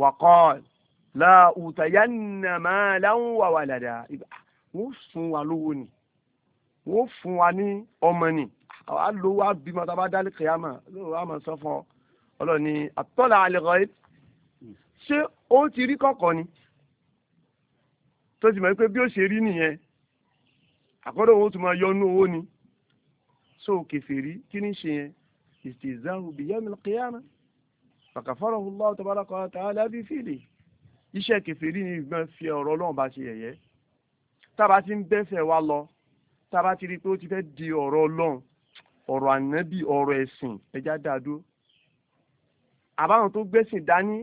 wàkọ́ọ̀lù la ùtàyánà máa láwọn wà wà dàda ah, wọ́n fún wa lówó ni wọ́n fún wa ní ọmọ ni àwa ah, ló wá bímọ tá a bá dálé kìyàmà lóòrò àmọ́ sọ fún ọ ọlọ́ni àtọ́là àlẹ́kọ̀ọ́ yìí ṣé ó ti rí kọ̀kọ̀ ni tó ti mọ̀ pé bí ó ṣe rí nìyẹn àkọ́dọ̀ owó tó máa yọnu owó ni so kèfèrí kí ni ṣe yẹn ìṣèzáhùn bìyàmìlì kìyàmà fàkàfọ́rọ̀ hùlọ́ tọ́bárà kọ́ tààlà bí fìlì iṣẹ́ kẹfìrí ni ìgbọ́n fi ọ̀rọ̀ ọlọ́run bá ṣe yẹ̀yẹ́ tába ti ń gbẹ́sẹ̀ wa lọ tába ti rí i pé ó ti fẹ́ di ọ̀rọ̀ ọlọ́run ọ̀rọ̀ ànábì ọ̀rọ̀ ẹ̀sìn ẹja dàdú àbáwọn tó gbẹ́sìn dání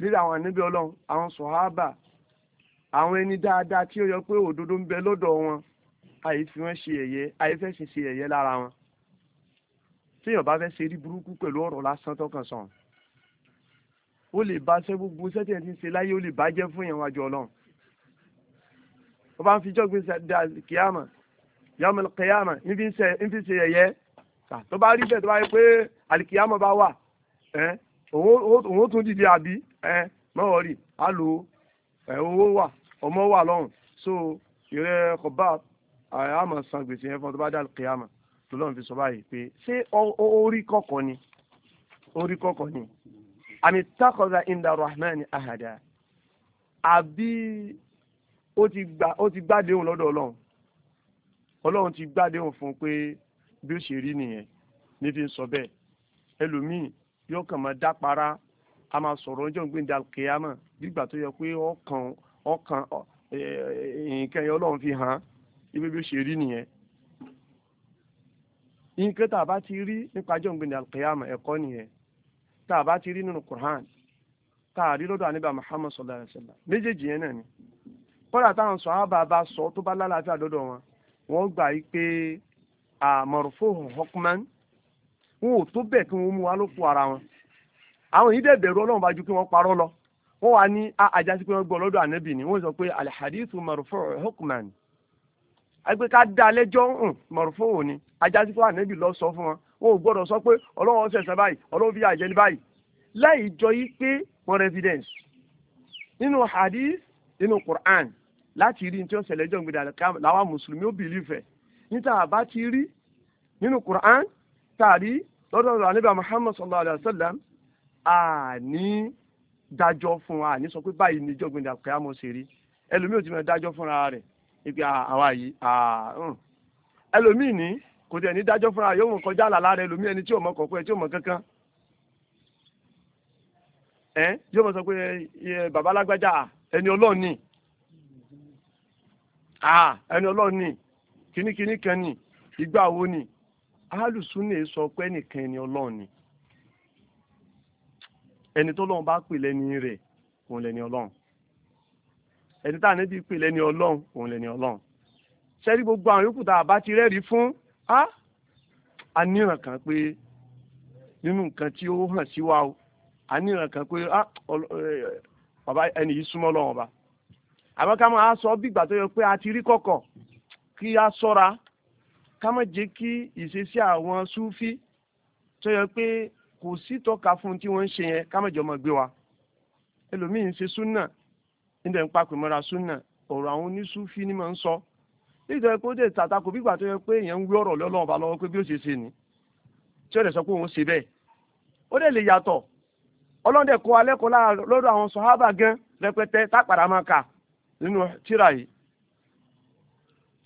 lílẹ̀ àwọn ànábì ọlọ́run àwọn sọ̀hábà àwọn ẹni dáadáa tí ó yọ pé òdodo ń bẹ lọ́dọ̀ wọn àyèfi wọn ṣe yẹ̀yẹ́ àyèfẹ́ ṣe ṣe yẹ̀yẹ́ lára wọn téèyàn bá fẹ́ ṣe rí burúkú pẹ̀lú ọ̀rọ̀ lásán tọkàn sàn ó lè bá aṣẹ́ gbogbo iṣẹ́ tí ẹ̀ ti ń ṣe láyé ó lè bàjẹ́ fún èèyàn wájú ọlọ́run ó bá ń fi jọ́gbé kíámà yọmọ kíámà níbi ń fi ṣe ẹ̀yẹ tó bá rí bẹ́ẹ̀ tó bá rí pé àlìkíámà bá wà òun ó tún dìde àbí mọ́wọ́ rí alo owó wà ọmọ wà lọ́rùn so ìrẹ́ kọ̀bá àmọ̀ san gbèsè yẹn fún tó bá dá kíámà tó lọ́run fi sọ báyìí pé ṣé orí kọ̀kọ̀ ni orí kọ̀kọ̀ ni àmì takọ̀dà ìndà rahmani ahada àbí ó ti gbádéhùn lọ́dọ̀ ọlọ́run ọlọ́run ti gbádéhùn fún pé bí ó ṣe rí nìyẹn ní fi ń sọ bẹ́ẹ̀ ẹlòmíì yóò kàn máa dápara a máa sọ̀rọ̀ ọjọ́ gbẹ̀ndà kìámà nígbà tó yẹ pé ọkàn ọkàn nǹkan yẹn ọlọ́run fi hàn ibi bí ó ṣe rí nìyẹn nǹkan tá a bá ti rí nípa ọjọ́ gbẹ̀ndà kìámà ẹ̀kọ́ nìyẹn tá a bá ti rí nínú Qur'an tá a rí lọ́dọ̀ àníbà Muhammad sallallahu alaihi wasallam méjèèjì yẹn náà ni kódà táwọn sàhábà bá sọ tó bá lálàáfíà lọ́dọ̀ wọn wọ́n gbà yí pé àmọ̀rọ̀fóhùn hokman wọn ò tó bẹ́ẹ̀ kí wọ́n mú wa ló kó ara wọn àwọn yìí dẹ̀ bẹ̀rù ọlọ́run bá ju kí wọ́n parọ́ lọ wọ́n wà ní àjàsí pé wọ́n gbọ́ lọ́dọ̀ ànábì ni wọ́n sọ pé alhadithu marfu'u hukman àgbẹ̀ dá lẹ́jọ́ hàn marfu'u ni àjàsí pé ànábì lọ sọ fún wọn wọn ò gbọ́dọ̀ sọ pé ọlọ́wọ́n ṣẹ̀ṣẹ̀ báyìí ọlọ́wọ́n fi àjẹ́ ní báyìí láì jọ yí pé wọn residence nínú hadith nínú Quran láti rí tí ó ṣẹlẹ̀ jọ̀ gbẹdà làwọn mùsùlùmí ó bìlífẹ̀ níta bá ti rí nínú Quran tàbí lọ́dọ̀ àníbà Muhammad sallallahu alayhi wa sallam àní dájọ́ fún wa àní sọ pé báyìí ní jọ̀ gbẹdà kẹ́hámọ́ ṣe rí ẹlòmíì ò ti mọ̀ dájọ́ fúnra rẹ̀ ìgbà ẹlòmíì ní kò tẹ̀ ní dájọ́ fúnra yóò mú kọjá àlàlá rẹ lómi ẹni tí ò mọ kọ̀ọ̀kan ẹ tí ò mọ kankan ẹ yóò mọ sọ pé bàbá alágbájá ẹni ni ẹni ọlọ́run ni kan ni ìgbà wo ni alùsùnì sọ pé ẹnìkan ẹni ni ẹni tó lọ́run bá pè lẹ́ni rẹ̀ òun lẹ́ni ọlọ́run ẹni tá à níbi pè lẹ́ni ọlọ́run òun lẹ́ni gbogbo àwọn yòókù tá a bá ti á a níran kan pé nínú nǹkan tí ó hàn sí wa o a níran kan pé á ah, eh, bàbá ẹni yìí súnmọ́ lọ́wọ́n ba àmọ́ ká máa sọ bí ìgbà tó yẹ pé a ti rí kọ̀kọ̀ kí a sọ́ra ká má jẹ́ kí ìṣesí àwọn súfí tó yẹ pé kò sí tọ́ka fún tí wọ́n ń ṣe yẹn ká má jọ máa gbé wa ẹlòmíì ṣe súnà níbẹ̀ ń papò mọ́ra súnà ọ̀rọ̀ àwọn onísúfí ni máa ń sọ. So bí ìtọ́ ẹ̀kọ́ dé tàtakò bí ìgbà tó yẹ pé èèyàn ń wí ọ̀rọ̀ lọ́lọ́run bá lọ́wọ́ pé bí ó ṣe ṣe ni tí ó dẹ̀ sọ pé òun ṣe bẹ́ẹ̀ ó dẹ̀ lè yàtọ̀ ọlọ́run dẹ̀ kọ́ alẹ́kọ̀ọ́ lára lọ́dọ̀ àwọn sọ̀hábà gan rẹpẹtẹ tápàdà máa kà nínú tírà yìí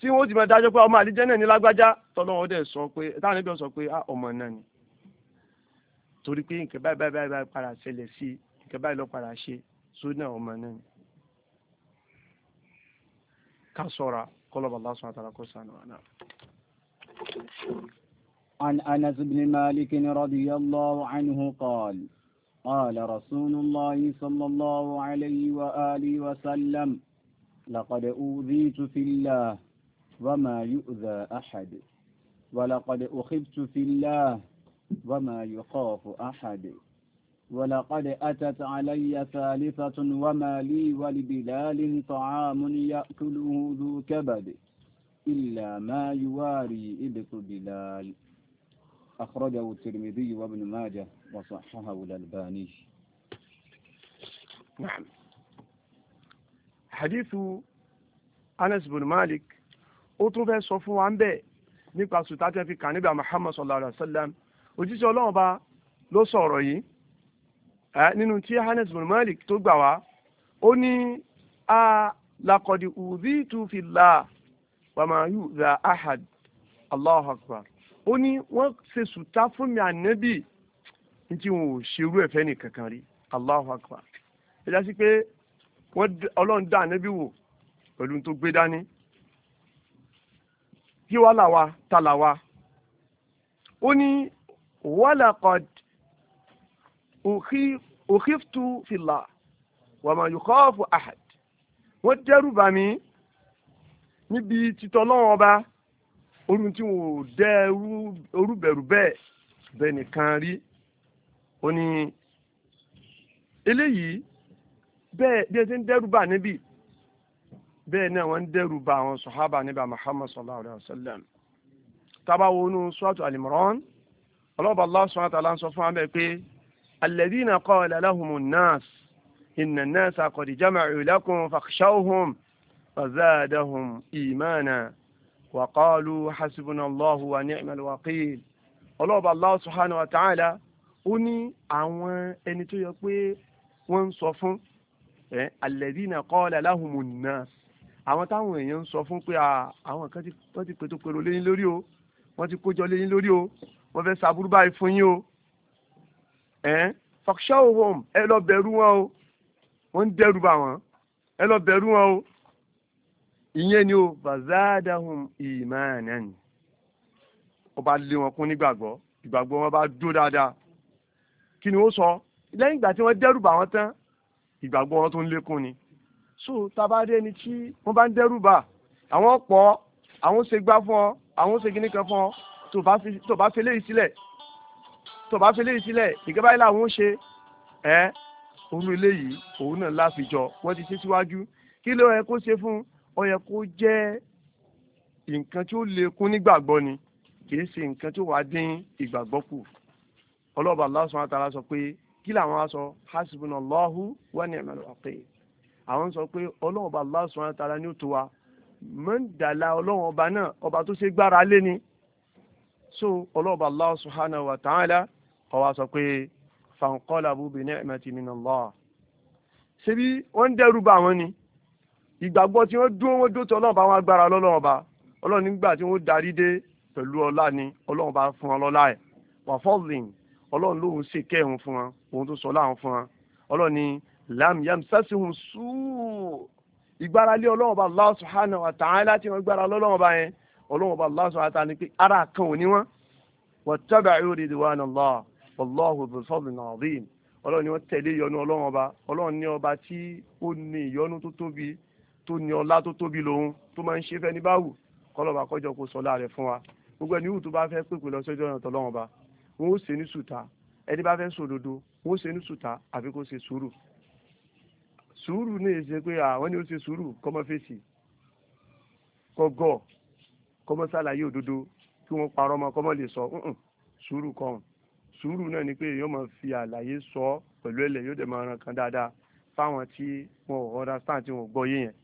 tí wọ́n ti máa dájọ́ pé ọmọ àdíjẹ́ náà ní lágbájá tọ́lọ́run dẹ̀ sọ pé táwọn níbi sọ pé ah, ọmọ náà ni torí pé nǹkan báyìí báyìí báyìí padà ṣẹlẹ̀ sí nǹkan báyìí lọ padà ṣe sódà ọmọ náà ni ká sọ̀ra. قلب الله سبحانه وتعالى كرسان وانا عن أنس بن مالك رضي الله عنه قال قال رسول الله صلى الله عليه وآله وسلم لقد أوذيت في الله وما يؤذى أحد ولقد أخبت في الله وما يخاف أحد ولقد أتت علي ثالثة وما لي ولبلال طعام يأكله ذو كبد إلا ما يواري إبط بلال أخرجه الترمذي وابن ماجه وصححه الألباني نعم حديث أنس بن مالك أطوفه صفوان به nípa sùtátẹ́ في kàn محمد صلى الله عليه وسلم، òjíṣẹ́ الله با ló sọ̀rọ̀ nínú tí Anas bin Malik tó gbà wá ó ní a lakọ̀dì ùdí tu fi là wàmáyù za ahad Allahu Akbar ó ní wọ́n ṣe sùtá fún mi ànábì tí wọn ò ṣerú ẹ̀fẹ́ nìkankan rí Allahu Akbar ẹ jásí pé ọlọ́run dá ànábì wò pẹ̀lú tó gbé dání kí wàá làwa ta làwa ó ní wàlàkọ̀dì òkìftù fìlà wàmà yòkọ́ọ̀fù àhàd wọ́n dẹ́rù bà mí níbi títọ́ lọ́wọ́ ọba orun tí wọn ò dẹ́ orúbẹ̀rù bẹ́ẹ̀ bẹ́ẹ̀ nìkan rí ó ní eléyìí bẹ́ẹ̀ bí ẹ ti ń dẹ́rù bà níbi bẹ́ẹ̀ náà wọ́n ń dẹ́rù bà àwọn sọ̀hábà níbà Muhammad sallallahu alayhi wa tábà wọnú suratu Al-Imran ọlọ́ba Allah ń sọ fún wa bẹ́ẹ̀ pé. الذين قال لهم الناس إن الناس قد جمعوا لكم فاخشوهم فزادهم إيمانا وقالوا حسبنا الله ونعم الوكيل ọlọ́ọ̀bà Allah subhanahu wa ta'ala ó ní àwọn ẹni tó yẹ pé wọ́n ń sọ fún ẹ alladhina qala lahumu nnas àwọn táwọn èèyàn ń sọ fún pé àwọn kan ti pétó pèrò léyìn lórí o wọ́n ti kójọ léyìn lórí o wọ́n fẹ́ ṣàbúrú báyìí fún yín o ẹ̀ fàkṣà òhùn ẹ lọ bẹ̀rù wọn o wọ́n ń dẹ́rù bà wọ́n ẹ lọ bẹ̀rù wọn o ìyẹn ni o bazadahum imanan ó bá lé wọn kún nígbàgbọ́ ìgbàgbọ́ wọn bá dó dáadáa kí ni ó sọ lẹ́yìn ìgbà tí wọ́n dẹ́rù bà wọ́n tán ìgbàgbọ́ wọn tó ń lékún ni so tabadé ni tí wọ́n bá ń dẹ́rù bà àwọn pọ̀ àwọn ṣe gbá fún ọ àwọn ṣe kíní kan fún ọ tó bá fi eléyìí sílẹ̀ tó bá fi léyìí sílẹ̀ ìjọba yìí làwọn ó ṣe ẹ́ òun eléyìí òun náà láfijọ wọ́n ti ṣe síwájú kí ló yẹ kó ṣe fún ọ yẹ kó jẹ́ nǹkan tí ó lè kún nígbàgbọ́ ni kì í ṣe nǹkan tí ó wàá dín ìgbàgbọ́ kù ọlọ́ọ̀bà Allah subhanahu sọ pé kí làwọn á sọ hasbunallahu wa ni'mal wakil àwọn sọ pé ọlọ́ọ̀bà Allah subhanahu wa ta'ala wa mọ̀ndàlá ọlọ́run ọba náà ọba tó ṣe gbára lé ni so ọlọ́ọ̀bà Allah subhanahu wa ta'ala kọ́ wa sọ pé fanqalabu bi ni'mati min Allah ṣebí wọ́n ń dẹ́rù bá wọn ni ìgbàgbọ́ tí wọ́n dúró wọ́n dúró tí ọlọ́run bá wọn agbára lọ́lọ́run bá ọlọ́run nígbà tí wọ́n darí dé pẹ̀lú ọlá ni ọlọ́run fún wọn ẹ̀ wà fọ́ọ̀lìn ọlọ́run lòun ṣe kẹ́hìn fún wọn òun tó sọ láwọn fún wọn ọlọ́run ni lam yam sásìhùn sùúrù ìgbáralé ọlọ́run bá Allah subhanahu wa ta'ala tí gbára lọ́lọ́run yẹn ọlọ́run bá Allah subhanahu pé ara kan ò wọn wọ́n tábà wallahu dhu fadlin azim ọlọ́run ni wọ́n tẹ̀lé ìyọnu ọlọ́run ọba ọlọ́run ní ọba tí ó ní ìyọnu tó tóbi tó ní ọlá tó tóbi lòun tó máa ń ṣe fẹ́ni bá wù kọ́lọ́ba kọjọ kó sọ láàrẹ̀ fún wa gbogbo ẹni wù tó bá fẹ́ pèpè lọ sọ́jọ́ ọ̀nà tọ́lọ́run ọba wọn ó ṣe ní sùtà ẹni bá fẹ́ sòdodo wọn ó ṣe ní sùtà àfi kó ṣe sùúrù sùúrù ní èsì pé àwọn ni ó ṣe sùúrù kọ́mọ fèsì kọ́gọ́ kọ́mọ sálàyé òdodo kí wọ́n parọ́ ọmọ kọ́mọ lè sọ sùúrù kọ́hùn sùúrù náà ni pé èèyàn máa fi àlàyé sọ pẹ̀lú ẹlẹ̀ yóò dẹ̀ máa ran kan dáadáa fáwọn tí wọn ò understand tí wọn ò gbọ́ yé yẹn.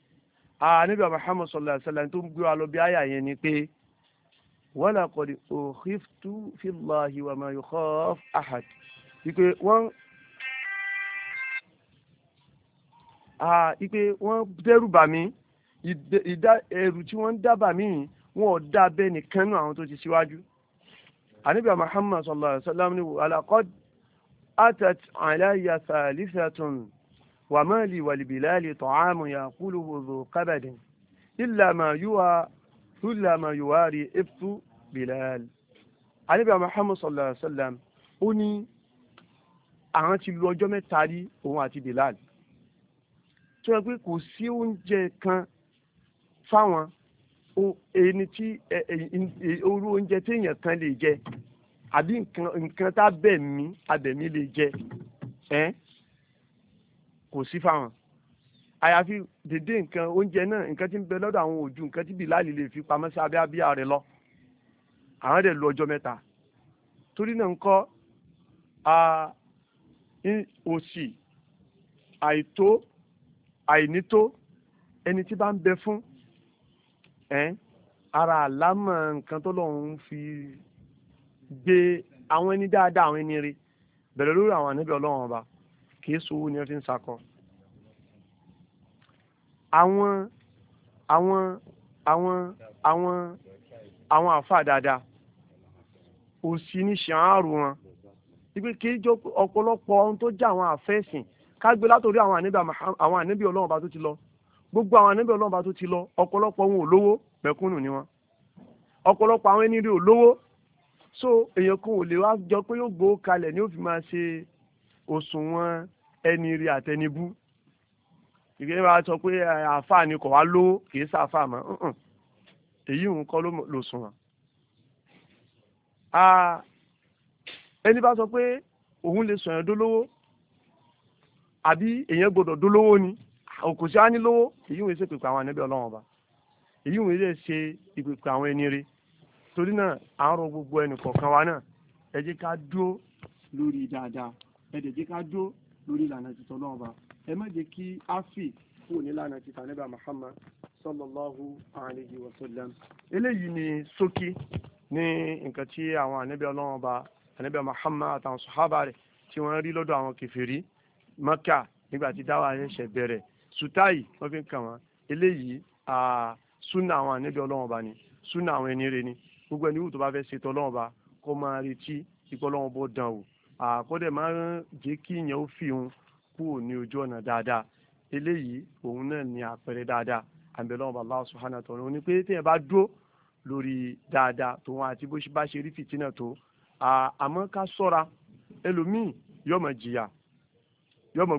ànábì Muhammad sallallahu alaihi wasallam tó ń gbé wa lọ bí àyà yẹn ni pé wala qad ukhiftu fillahi wa ma yukhaf ahad wípé wọ́n wípé wọ́n dẹ́rù bà mí ìdá ẹ̀rù tí wọ́n ń dábàá mí wọn ò dábẹ́ nìkan náà àwọn tó ti síwájú. Si ànábì muhammad sallallahu alayhi wa sallam ni alaqad atat alayya thalithatun wa mali walibilali ta'amu yaquluhu dhu qabadin illa ma yuwa illa ma yuwari iftu bilal ànábì muhammad sallallahu alayhi wa sallam ó ní àwọn ti lu ọjọ́ mẹ́ta rí òun àti bilal tó yẹ pé kò sí oúnjẹ kan fáwọn ẹni tí orú oúnjẹ tí èèyàn kan lè jẹ àbí nǹkan tá bẹ̀mí abẹ̀mí lè jẹ ẹ́ kò sí fáwọn àyàfi dédé nǹkan oúnjẹ náà nǹkan tí ń bẹ lọ́dọ̀ àwọn òjú nǹkan tí bìláàlì lè fi pamọ́ sí abẹ́ abíyá rẹ̀ lọ àwọn dẹ̀ lu ọjọ́ mẹ́ta torí náà ń kọ́ òsì àìtó àìnító ẹni tí bá ń bẹ fún ara àlámọ̀ nǹkan tó lọ́run fi gbé àwọn ẹni dáadáa àwọn ẹni rí bẹ̀rẹ̀ lórí àwọn àníbẹ̀ ọlọ́run ọba kìí sowó ni wọ́n fi ń sakọ. àwọn àwọn àwọn àwọn àwọn àfa dáadáa òsì ní ṣàárò wọn ibi kìí jọ ọ̀pọ̀lọpọ̀ ohun tó jẹ́ àwọn àfẹ́sìn ká gbé látòrí àwọn àníbẹ̀ ọlọ́run ọba tó ti lọ gbogbo àwọn ànábì ọlọ́run bá tó ti lọ ọ̀pọ̀lọpọ̀ wọn ò lówó mẹ̀kúnnù ni wọn ọ̀pọ̀lọpọ̀ àwọn ẹni rí ò lówó so èèyàn kan ò lè wá jọ pé yóò gbowó kalẹ̀ ni ó fi máa ṣe òṣùwọ̀n ẹni rí àtẹnibú ìgbẹ́ bá sọ pé àáfà ni kò wá lówó kì í sàáfà mọ́ èyí òun kọ́ ló sùnwọ̀n ẹni bá sọ pé òun lè sọ̀yàn dólówó àbí èèyàn gbọ́dọ̀ dólówó ni kò sí àní lówó èyí wòye ṣe pèpè àwọn ànábì ọlọ́run ọba èyí wòye ṣe ìpèpè àwọn ẹni rí torí náà àárọ̀ gbogbo ẹnì kọ̀ọ̀kan wa náà ẹ jẹ́ ká dúró lórí dáadáa ẹ dẹ̀ jẹ́ ká dúró lórí ìlànà títọ́ ọlọ́run ọba ẹ má jẹ́ kí á fì kúrò nílànà títà níbà Muhammad sallallahu alayhi wa sallam eléyìí ni ṣókí ní nǹkan tí àwọn ànábì ọlọ́run ọba ànábì Muhammad àtàwọn sàhábà rẹ̀ tí wọ́n rí lọ́dọ̀ àwọn kèfèrí Mákà nígbà tí dáwà ṣẹ̀ṣẹ̀ bẹ̀rẹ̀ sùtáì wọ́n fi ń kà wọ́n eléyìí súnà àwọn ànábì ọlọ́wọ́n ọba ni súnà àwọn ẹni rẹ ni gbogbo ẹni wù tó bá fẹ́ ṣètò ọlọ́wọ́n ọba kó máa retí ipò ọlọ́wọ́n bó dán o àkọ́dẹ̀ máa ń jẹ́ kí ìyẹn ó fi òun kúrò ní ojú ọ̀nà dáadáa eléyìí òun náà ni àpẹẹrẹ dáadáa àbẹ̀lọ́wọ́n Allah subhanahu wa ta'ala òun ni pé téèyàn bá dúró lórí dáadáa tòun àti bó bá ṣe rí fìtínà tó àmọ́ ká sọ́ra ẹlòmíì yóò jìyà yóò máa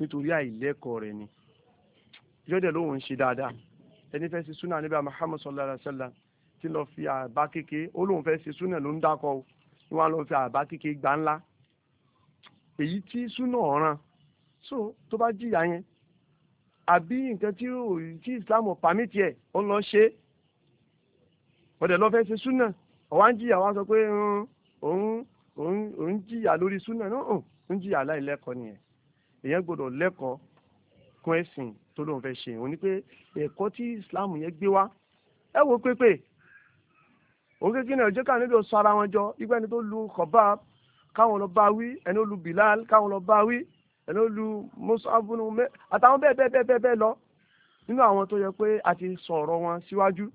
nítorí àìlẹ́kọ̀ọ́ rẹ̀ ni yọ́dẹ̀ lóun ń ṣe dáadáa ẹni fẹ́ ṣe súnà níbi Muhammad sallallahu alaihi wasallam tí lọ fi àbá kéke ó lóun fẹ́ ṣe súnà ló ń dákọ̀ o ni wọ́n á lọ fi àbá kéke gbá ńlá èyí tí súnà ọ̀ràn so tó bá jìyà yẹn àbí nǹkan tí tí Islam pàmìtì ẹ̀ ó lọ ṣe ọ̀dẹ̀ lọ fẹ́ ṣe súnà ọ̀wá ń jìyà wá sọ pé òun òun òun jìyà lórí súnà náà òun jìyà láìlẹ́kọ̀ọ́ nìyẹn èèyàn gbọ́dọ̀ lẹ́kọ̀ọ́ kún ẹ̀sìn tó lóun fẹ́ ṣe òun ni pé ẹ̀kọ́ tí islam yẹn gbé wá ẹ wo pépè òun kékeré náà jẹ́ káwọn níbi ò sọ ara wọn jọ igbá ẹni tó lu kọ̀báàbù káwọn lọ bá wí ẹni olú bilal káwọn lọ bá wí ẹni olú musabunu mẹ àtàwọn bẹ́ẹ̀ bẹ́ẹ̀ bẹ́ẹ̀ bẹ́ẹ̀ lọ nínú àwọn tó yẹ pé a ti sọ̀rọ̀ wọn síwájú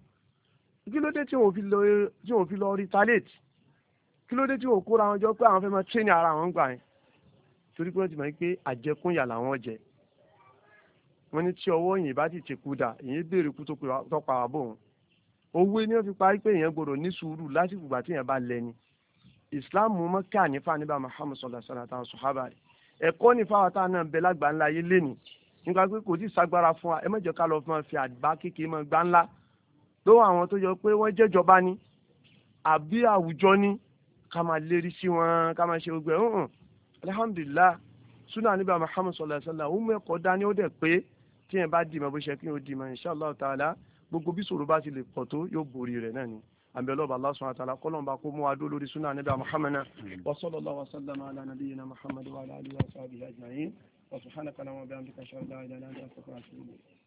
kí ló dé tí wọn ò fi lọ retaliate kí ló tí wọn ò kóra wọn jọ pé àwọn fẹ́ máa tírénì ara wọn gbà yẹn torí pé wọ́n ti mọ̀ pé àjẹkúnyà làwọn jẹ wọ́n ní tí ọwọ́ yìí bá ti ti kú dà èyí béèrè kú tó pa wá bóun owó ni wọ́n fi parí pé èèyàn gbọ́dọ̀ ní sùúrù lásìkò ìgbà tí èèyàn bá lẹ́ni islam mọ́kà ní fanibà muhammed sọlá sọlá táwọn sọ̀hábà rẹ̀ ẹ̀kọ́ ní fáwọn táwọn náà bẹ lágbà ńlá yé lẹ́ni nípa pé kò sí sagbára fún wa ẹ má ká lọ fún wa fi àgbá kékeré mọ́ gbá ńlá lọ́wọ́ àwọn tó yọ pé wọ́n jẹ́jọba ni àbí àwùjọ ni ká máa lérí sí wọn ká máa ṣe gbogbo ẹ̀ alihamdulilah suna aniba muhammad sallallahu alaihi wa sallam òun mẹ́kọ̀ọ́ dání ó dẹ̀ pé tí yẹn bá dì mọ́ bó ṣe kí n ó dì mọ́ inshallah ta'ala gbogbo bí sòrò bá ti lè pọ̀ tó yóò borí rẹ̀ náà ni àbí ọlọ́ba Allah subhanahu wa ta'ala kọ́lọ́n bá kó mú adó lórí suna aniba muhammad wa sallallahu wa sallam ala nabiyyina muhammad wa ala alihi wa sahbihi ajma'in wa subhanaka allahumma wa bihamdika ashhadu an la ilaha illa anta astaghfiruka wa atubu ilayk